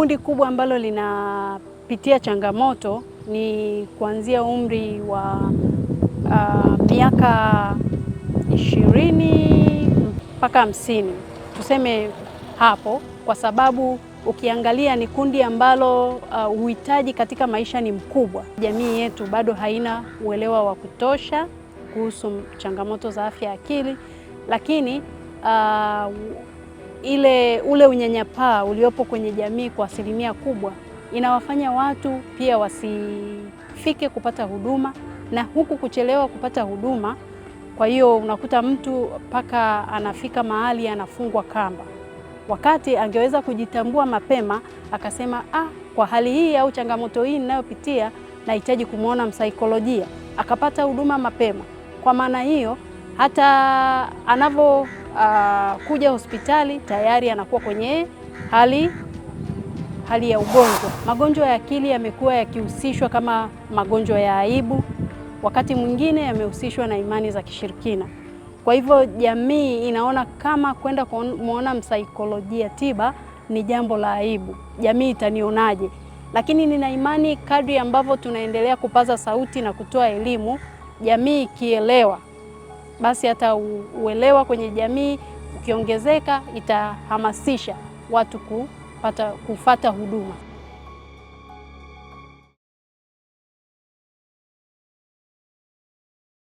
Kundi kubwa ambalo linapitia changamoto ni kuanzia umri wa uh, miaka ishirini mpaka hamsini, tuseme hapo, kwa sababu ukiangalia ni kundi ambalo uh, uhitaji katika maisha ni mkubwa. Jamii yetu bado haina uelewa wa kutosha kuhusu changamoto za afya ya akili, lakini uh, ile ule unyanyapaa uliopo kwenye jamii kwa asilimia kubwa inawafanya watu pia wasifike kupata huduma na huku kuchelewa kupata huduma. Kwa hiyo unakuta mtu mpaka anafika mahali anafungwa kamba, wakati angeweza kujitambua mapema akasema, ah, kwa hali hii au changamoto hii ninayopitia nahitaji kumwona msaikolojia, akapata huduma mapema. Kwa maana hiyo hata anavyo uh, kuja hospitali tayari anakuwa kwenye hali hali ya ugonjwa. Magonjwa ya akili yamekuwa yakihusishwa kama magonjwa ya aibu, wakati mwingine yamehusishwa na imani za kishirikina. Kwa hivyo jamii inaona kama kwenda kumwona msaikolojia tiba ni jambo la aibu, jamii itanionaje? Lakini nina imani kadri ambavyo tunaendelea kupaza sauti na kutoa elimu, jamii ikielewa basi hata uelewa kwenye jamii ukiongezeka itahamasisha watu kupata kufata huduma.